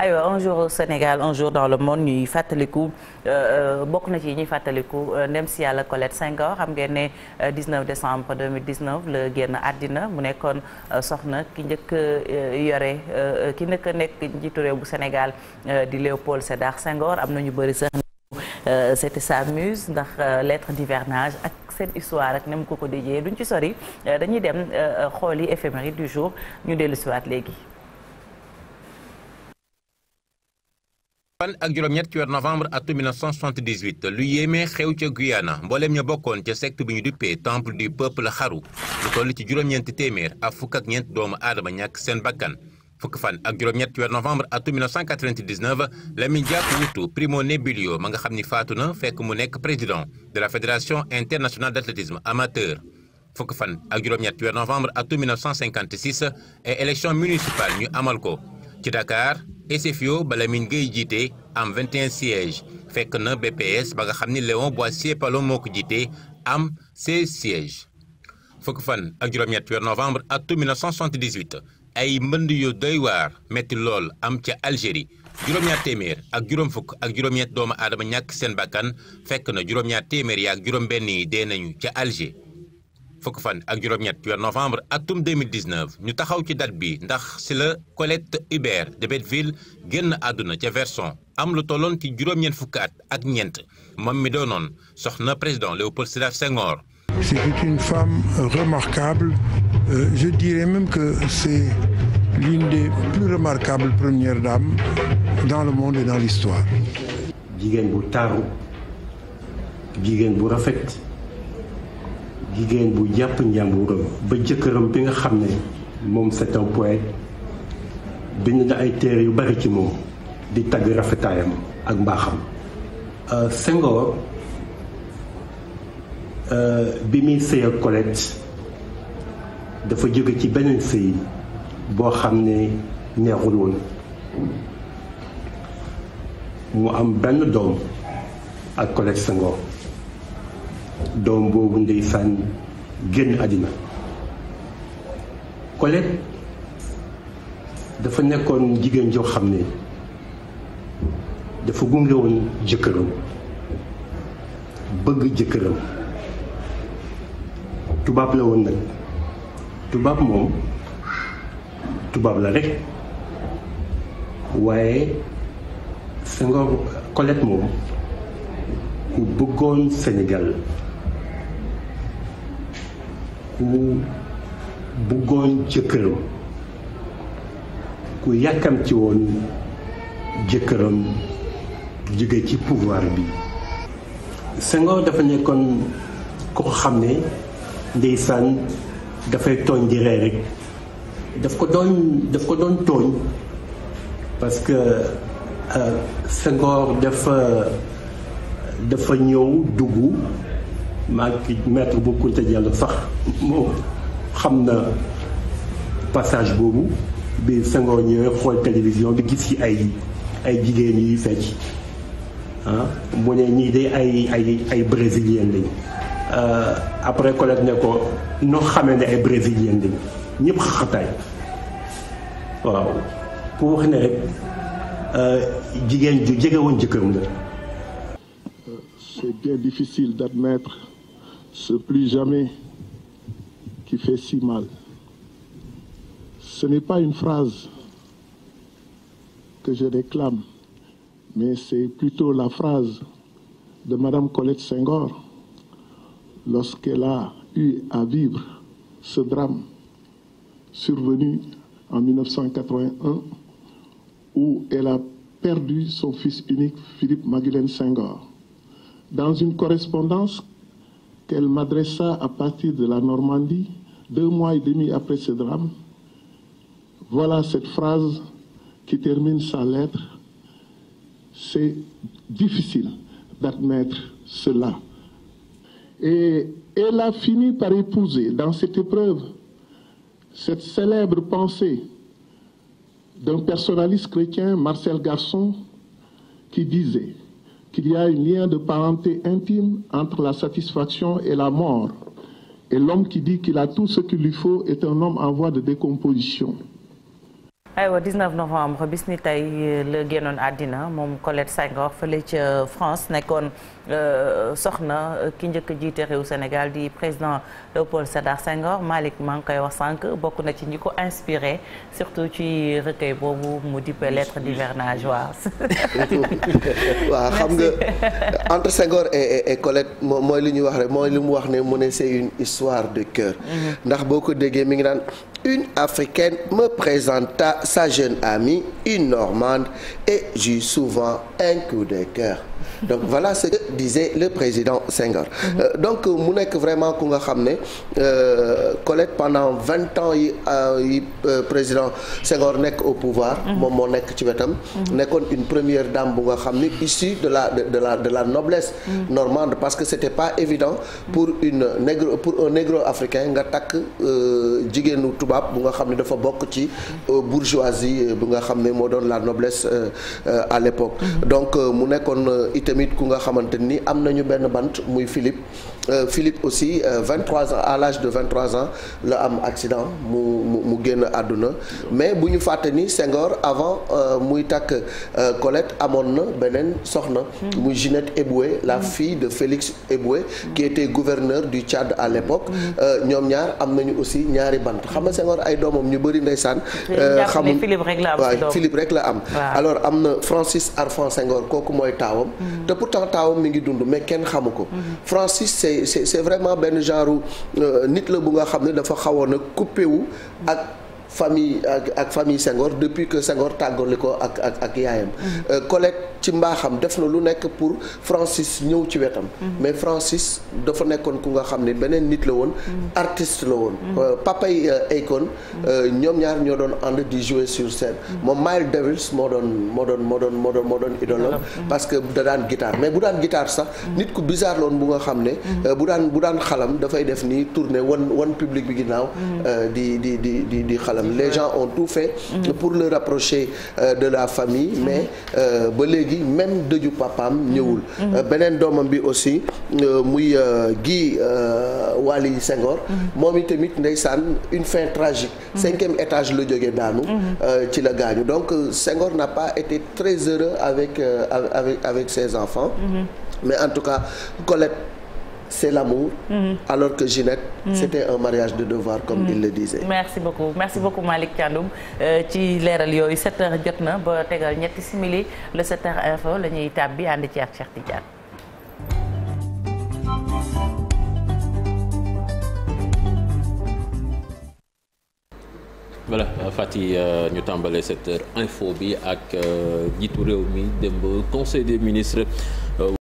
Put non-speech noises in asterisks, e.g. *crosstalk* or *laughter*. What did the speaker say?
aywa un jour au Sénégal un jour dans le monde ñuy fàttaliku euh, euh, bokk na ci ñuy fàttaliku euh, ndem si yàlla Colette Senghor xam ngeen ne 19 décembre 2019 la génn àddina mu nekkoon soxna ki njëkk yore ki njëkk a nekk njiitu réew bu Sénégal di Léopold Sédar Senghor am na ñu bëri sax. c'était sa muse ndax lettre d'hivernage ak seen histoire ak ni mu ko ko déjee duñ ci sori dañuy dem xooli éphéméride du jour ñu dellu siwaat léegi fan ak juróom-ñett ci weer novembre atum 1978 lu yéemee xew ca Guyana mbooleem ña bokkoon ca secte bi ñu duppee temple du peuple xaru lu toll ci juróom doomu aadama ñàkk seen bakkan fukk fan ak juróom-ñett ci novembre atum 1999 Lamine Diack wuutu Primo Nebilio ma xam ni faatu na fekk mu nekk président de la fédération internationale d'athlétisme amateur fukk fan ak juróom-ñett ci weer novembre atum 1956 et élection municipale ñu amal ko ci Dakar SFIO ba Lamine Gueye jiite am 21 fekk na BPS ba nga xam ni Léon Boissier Palom moo ko jiite am 16 sièges fukk fan ak juróom-ñett weer novembre atum 1978 ay mbënd yu doy waar metti lool am ca Algérie juróom-ñaar téeméer ak juróom fukk ak juróom doomu aadama ñàkk seen bakkan fekk na juróom-ñaar ak juróom-benn yi dee nañu ca Alger. fukk fan ak juróom-ñett ci weer novembre atum 2019 ñu taxaw ci date bi ndax ci la Colette Hubert de Betteville génn àdduna ca Verson am lu tolloon ci juróom at ak ñeent moom mi doonoon soxna président Léopold Sédar Senghor. C'était une femme remarquable euh, je dirais même que c'est l'une des plus remarquables premières dames dans le monde et dans l'histoire jigéen bu jàpp njàmburam ba jëkkëram bi nga xam ne moom c'est un poète bind na ay téere yu bari ci moom di tagg rafetaayam ak mbaaxam euh, Senghor euh, bi muy sëy ak dafa jóge ci beneen sëy boo xam ne neexul woon mu am benn doom ak Colette Senghor doom boobu ndeysaan génn àddina Colette dafa nekkoon jigéen joo xam ne dafa gunge woon jëkkëram bëgg jëkkëram tubaab la woon nag tubaab moom tubaab la rek waaye Senghor Colette moom ku bëggoon Sénégal ku buggoon jëkkëram ku yàkkamti woon jëkkëram jóge ci pouvoir bi Senghor dafa nekkoon koo xam ne ndeysaan dafay tooñ di ree rek daf ko doon daf ko doon tooñ parce que euh, Senghor dafa dafa ñëw dugg maa ngi maître bu Kunta Diallo sax moo xam na passage boobu bi Senghor ñëwee xool télévision bi gis ci ay ay jigéen yuy fecc ah mu ne ñii de ay ay ay brésilien lañ euh, après Colette ne ko noo xamee ne ay brésilien lañ ñëpp xataay waaw ku wax ne rek euh, jigéen ju jege woon jëkkëram la euh, c'est bien difficile d'admettre plus jamais qui fait si mal. Ce n'est pas une phrase que je réclame, mais c'est plutôt la phrase de Madame Colette Senghor lorsqu'elle a eu à vivre ce drame survenu en 1981 où elle a perdu son fils unique Philippe Maguilène Senghor. Dans une correspondance qu'elle m'adressa à partir de la Normandie, deux mois et demi après ce drame, voilà cette phrase qui termine sa lettre. C'est difficile d'admettre cela. Et elle a fini par épouser dans cette épreuve cette célèbre pensée d'un personnaliste chrétien, Marcel Garçon, qui disait qu'il y a un lien de parenté intime entre la satisfaction et la mort. Et l'homme qui dit qu'il a tout ce qu'il lui faut est un homme en voie de décomposition. aywa 19 novembre bis ni tey euh, la génoon àddina moom Colette Senghor fële ca euh, France nekkoon euh, soxna ki njëkk jiite réew Sénégal di président Léopold Sédar Senghor Malick maa ngi koy wax sànq bokk na ci ñi ko inspirer surtout ci recueil boobu mu dippe lettre d'hivernage waaw. *laughs* waaw xam nga entre Senghor et et mooy li ñuy wax rek mooy li mu wax ne mu ne c'est une histoire de cœur. Mm-hmm. ndax boo ko déggee mi une Africaine me présenta sa jeune amie, une Normande, et j'eus souvent un coup de cœur. donc voilà ce que disait le président Senghor. Mhm. Euh, donc mu nekk vraiment ku nga xam ne euh, Colette pendant vingt ans yi euh, yi président Senghor nekk au pouvoir. Mhm. moom moo nekk ci mhm. une première dame bu nga xam issue de la la de la noblesse. mm normande parce que c'était pas évident. pour une négro pour un nga takk jigéenu tubaab bu nga xam ne dafa bokk ci euh, bourgeoisie euh, bu nga xam ne moo doon la noblesse euh, à l'époque mm-hmm. donc mu nekkoon itamit ku nga xamante ni am nañu benn bant muy Philippe Euh, Philippe aussi 23 euh, ans à l'âge de 23 ans la am accident mu mu mu génn àdduna mais bu ñu fàtte ni sengor avant euh, muy takk Colette amoon na beneen soxna mu Ginette Eboué la fille de Félix Eboué qui était gouverneur du Tchad à l'époque ñoom ñaar am nañu aussi ñaari bant xam nga Senghor ay doomam ñu bëri ndeysaan xamul waaw rek la am alors am na Francis Arfan Senghor kooku mooy taawam mm-hmm. te pourtant taawam mi ngi dund mais kenn xamu ko mm-hmm. Francis c'est c'est c'est vraiment benn genre euh, nit la bu nga xam ne dafa xawoon ak coupé wu ak famille ak ak famille Senghor mm-hmm. euh, na lu nekk pour Francis ñëw ci wetam. Mm-hmm. mais Francis dafa ku nga xam ne beneen nit la woon. Mm-hmm. artiste la woon. Euh, papay euh, Akon ñoom ñaar ñoo doon ànd di jouer sur moo doon moo doon moo moo doon moo doon idole parce que da daan guitare mais bu daan guitare sax. nit ku bizarre la bu nga xam ne. bu daan xalam dafay def ni tournée wan wan public bi ginnaaw. di di di di di xalam. problème les gens ont tout fait pour le rapprocher euh, de la famille mais euh, ba léegi même dëju papaam ñëwul euh, beneen doomam bi aussi muy Guy Waly Senghor moom i tamit ndeysaan une fin tragique cinquième étage le jóge daanu ci la gaañu donc Senghor n'a pas été très heureux avec ses enfants mhm. mais en tout cas Colette c'est l'amour mhm. alors que Ginette mhm. c'était un mariage de devoir comme mhm. il le disait merci beaucoup merci beaucoup Malick Thiandoum euh, ci leeral yooyu 7 heures jot na ba tegal ñetti simili le 7 heures info la ñuy tàbbi ànd ci ak Cheikh Tidiane voilà euh, ñu tàmbalee cette heure info bi ak euh, njiitu réew mi démb conseil des ministres.